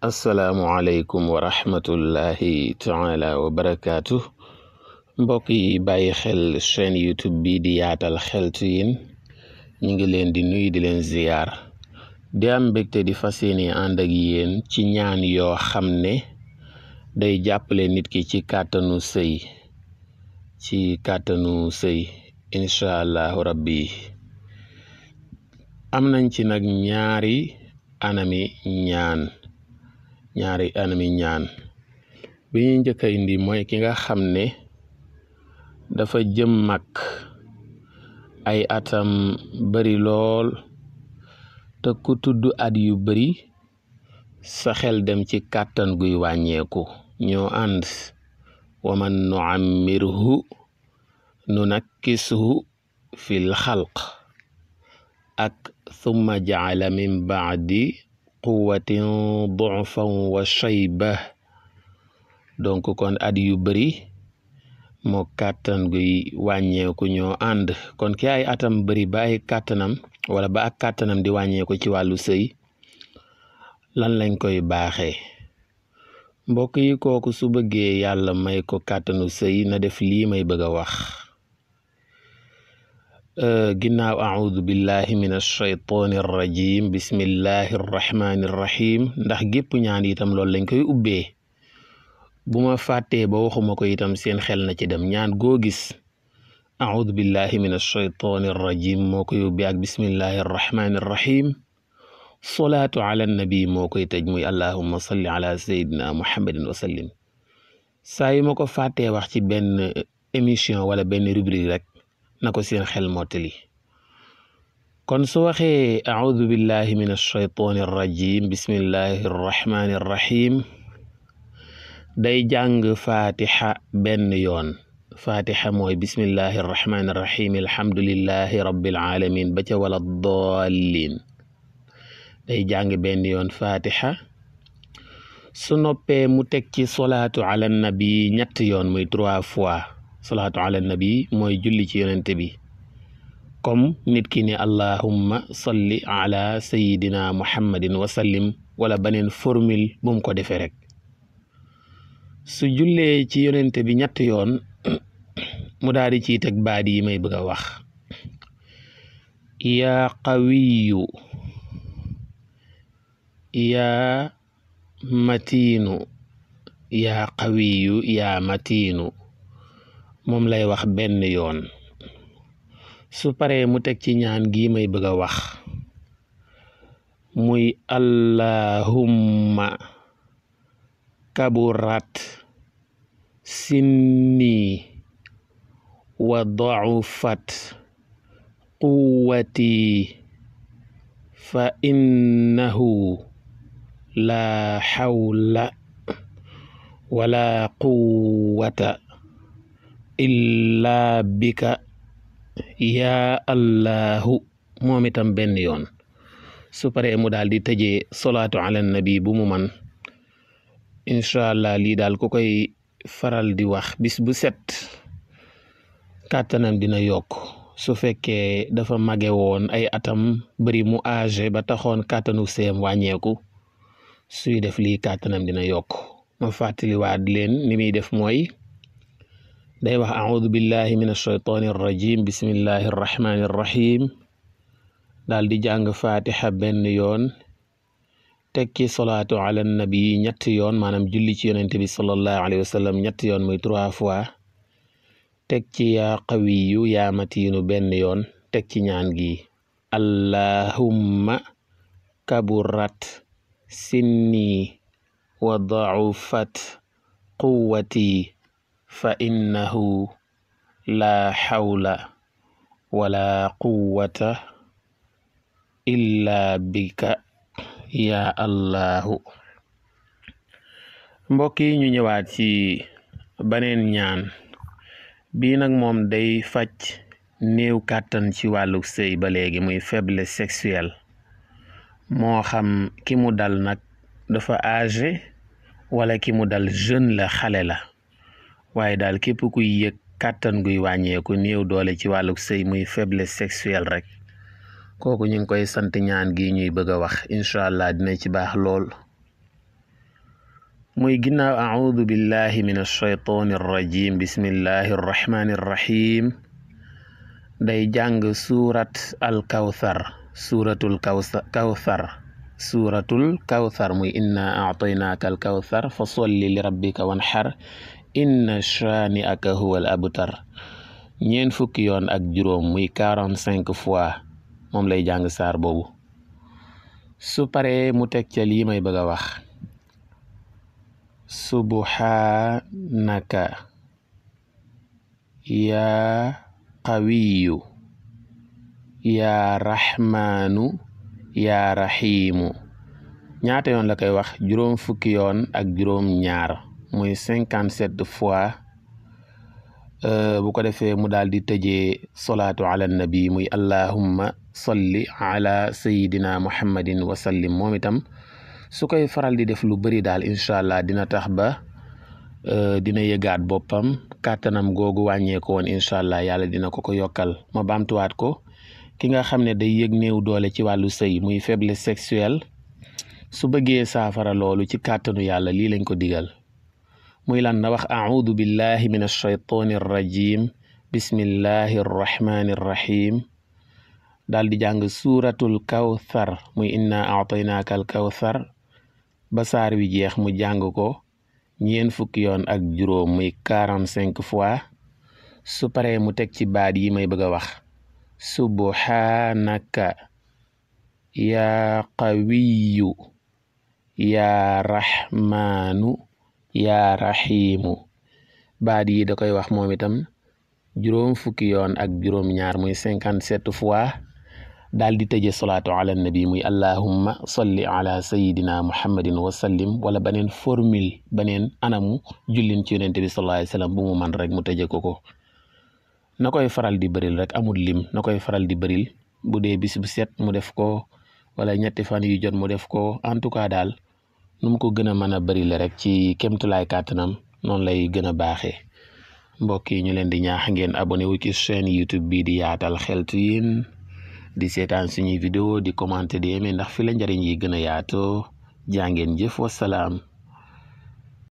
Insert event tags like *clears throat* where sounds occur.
asalaamualeykum wa rahmatullahi taala wa barakaatu mbokk yi bàyyi xel chaîne youtube bii di yaatal xeltu yin ñu ngi leen di nuyu di leen ziyaar di am mbégte di fas yéene ànd yéen ci ñaan yoo xam ne day jàppale nit ki ci kàttanu sëy ci kàttanu sëy incha allahu rabbi am nañ ci nag ñaari anami ñaan ñaari anami ñaan bi ñuy njëkk indi mooy ki nga xam ne dafa jëm mag ay atam bari lool te ku tudd at yu bari saxel dem ci kàttan guy wàññeeku ñoo ànd wa man nuammirhu nu nakkishu fil xalq ak thumma jaala min baadi bon dufan wa ba donc kon at yu bëri moo kàttan guy wàññeeku ñoo ànd kon ki ay atam bari ba ay kàttanam wala ba ak kàttanam di wàññeeku ci wàllu sëy lan lañ koy baaxee mbokk yi kooku su bëggee yàlla may ko kàttanu sëy na def li may bëgg a wax ginnaaw audu billahi min alcheytaani arrajim bismillahi arrahmani irrahim ndax gépp ñaan itam loolu lañ koy ubbee bu ma fàttee ba waxuma ko itam seen xel na ci dem ñaan goo gis audu billahi min alcheytaani arrajim moo koy ubbee ak bismillahi arrahmani irrahim solaatu ala annabi moo koy tëj muy allahuma salli ala sayidina muhammadin wa ko fàttee wax ci benn émission wala benn rubrique rek na ko seen xel mottali kon su waxee audu billahi min alcheytaani arrajim bismillahi arrahmani arrahim day jàng fatiha benn yoon fatiha mooy bismillahi arrahmani arrahim alhamdulillahi rabbil alamin ba ca wala dallin day jàng benn yoon fatiha su mu teg ci solaatu ala nabi ñett yoon muy trois fois salaatu ala mooy julli ci yonente bi comme nit ki ne allahumma salli ala wa sallim wala beneen formule bu ko defee rek su jullee ci yonente bi ñett yoon *clears throat* mu daal di ciy teg baat yi may bëgg a wax ya qawiyu yaa matiinu yaa qawiyu yaa matiinu moom lay wax benn yoon su paree mu teg ci ñaan gi may bëgg a wax muy allahumma kaburat sinni wa daufat quwwati fa innahu la hawla wala quwwata illaa bika ya allahu moom itam benn yoon su paree mu daal di tëjee solaatu ala nabi bu mu man incha allah lii daal ku koy faral di wax bis bu set kàttanam dina yokk su fekkee dafa mage woon ay atam bari mu age ba taxoon kàttanu seem wàññeeku suy def lii kàttanam dina yokk ma fàttaliwaat leen ni muy def mooy day wax audu billahi min alshaytaani arrajim di jàng fatiha benn yoon tekki solaatu ala nabi ñetti yoon maanaam julli ci yonente bi salallahu alayhi wa sallam ñetti yoon muy trois fois teg ci yaa qawiyu yaa matiinu benn yoon teg ci ñaan gi allahumma kaburat sinni wa daufat quwwati fa innahu laa hawla wala quwwata illaa bika ya allahu mbokk yi ñu ñëwaat ci baneen ñaan bii nag moom day faj néew kàttan ci wàllu sëy ba muy faiblesse sexuelle moo xam ki dal nag dafa age wala ki mu dal jeune la xale la waaye daal képp kuy yëg kàttan guy wàññeeku néew doole ci wàllu sëy muy faiblesse sexuelle rek kooku ñu ngi koy sant ñaan gi ñuy bëgg a wax incha allah dina ci baax lool muy ginnaaw audu billahi min alcheytaani arrajim bismillahi arrahmani arrahim day jàng suurat alkawthar suuratul kawthar suuratul kawthar muy inna aataynaaka alkawthar fa solli li rabbika wanxar inna shani aka huwal abutar ñeen fukki yoon ak juróom muy 45 fois moom lay jàng saar boobu su paree mu teg ca lii may bëgg a wax subhanaka yaa qawiyu yaa raxmaanu yaa raxiimu ñaata yoon la koy wax juróom fukki yoon ak juróom ñaar muy cinquante sept fois euh, bu ko defee mu daal di tëjee solaatu ala nabi muy allahumma salli ala sayidina muhammadin wa sallim moom itam su koy faral di def lu bëri daal incha allah dina tax ba euh, dina yëgaat boppam kàttanam googu wàññeeku woon incha allah yàlla dina ko ko yokkal ma baamtuwaat ko ki nga xam ne day yëg néew doole ci wàllu sëy muy faiblesse sexuelle su bëggee saafara loolu ci kàttanu yàlla lii lañ ko digal muy lan na a audu billahi min alcheytaani arrajim bismillahi arrahmani arrahim daal di jàng suuratul kawthar muy inna aataynaaka al kawthar ba saar jeex mu jàng ko ñeen fukki yoon ak juróom muy quarante cinq fois su mu teg ci baat yi may bëgg a wax subhaanaka yaa qawiyu yaa yaa raxiimu baat da koy wax moom itam juróom fukki yoon ak juróom ñaar muy 57 fois daal di tëje salaatu ala nabi muy allahumma salli ala sayidina muhammadin wa sallim wala beneen formule beneen anamu jullin ci yonente bi sallallahu alayhi wasallam bu mu man rek mu tëje ko ko na koy faral di bëril rek amul lim na koy faral di bëril bu dee bis mu def ko wala ñetti fan yu jot mu def ko en tout cas daal nu mu ko gën a mën a bëri rek ci kémtulaay kàttanam noonu lay gën a baaxee mbokk yi ñu leen di ñaax ngeen abonné wu ci chaîne YouTube bii di yaatal xeltu yin di seetaan suñuy vidéo di commenter di aimer ndax fi la njariñ yi gën a yaatoo jaa ngeen jëf wasalaam